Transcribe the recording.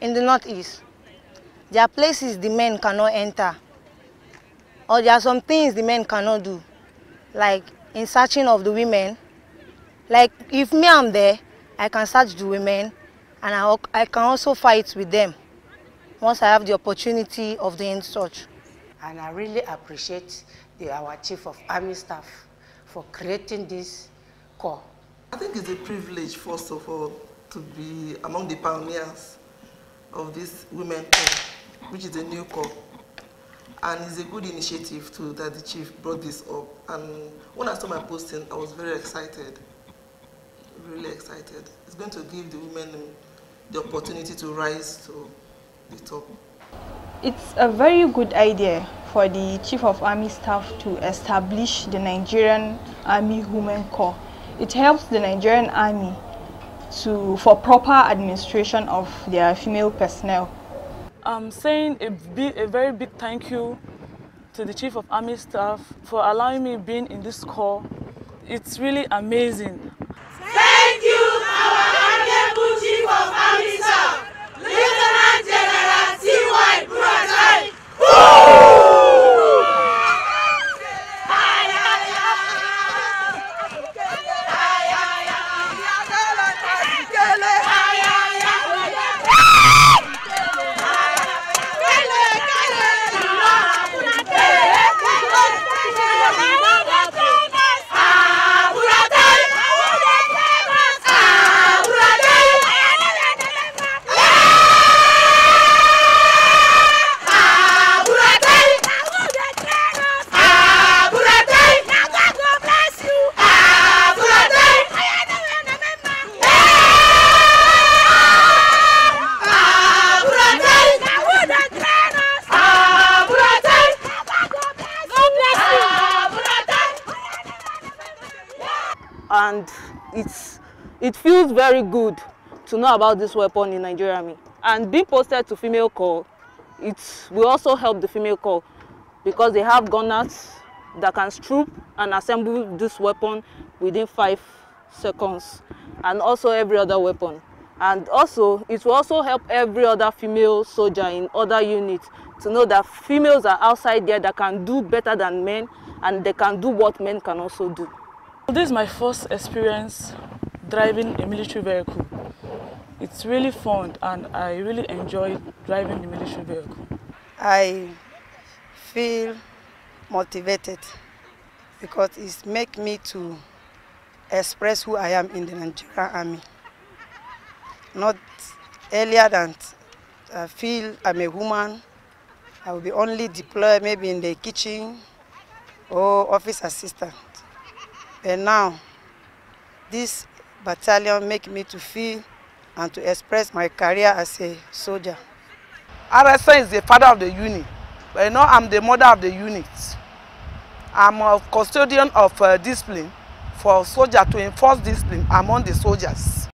in the northeast. There are places the men cannot enter, or there are some things the men cannot do, like in searching of the women. Like if me I'm there, I can search the women, and I, I can also fight with them once I have the opportunity of the end search. And I really appreciate the, our Chief of Army Staff for creating this corps. I think it's a privilege, first of all, to be among the pioneers of this women corps, which is a new call. And it's a good initiative too that the chief brought this up. And when I saw my posting, I was very excited, really excited. It's going to give the women the opportunity to rise to the top. It's a very good idea for the Chief of Army Staff to establish the Nigerian Army Women Corps. It helps the Nigerian Army to for proper administration of their female personnel. I'm saying a, a very big thank you to the Chief of Army Staff for allowing me being in this corps. It's really amazing and it's it feels very good to know about this weapon in Nigeria me. And being posted to female corps, it will also help the female corps because they have gunners that can strip and assemble this weapon within five seconds and also every other weapon. And also, it will also help every other female soldier in other units to know that females are outside there that can do better than men and they can do what men can also do. This is my first experience driving a military vehicle. It's really fun and I really enjoy driving the military vehicle. I feel motivated because it makes me to express who I am in the Nigerian army. Not earlier than I feel I'm a woman, I will be only deployed maybe in the kitchen or office assistant. And now, this battalion make me to feel and to express my career as a soldier. RSN is the father of the unit, but you know I'm the mother of the unit. I'm a custodian of uh, discipline for soldiers to enforce discipline among the soldiers.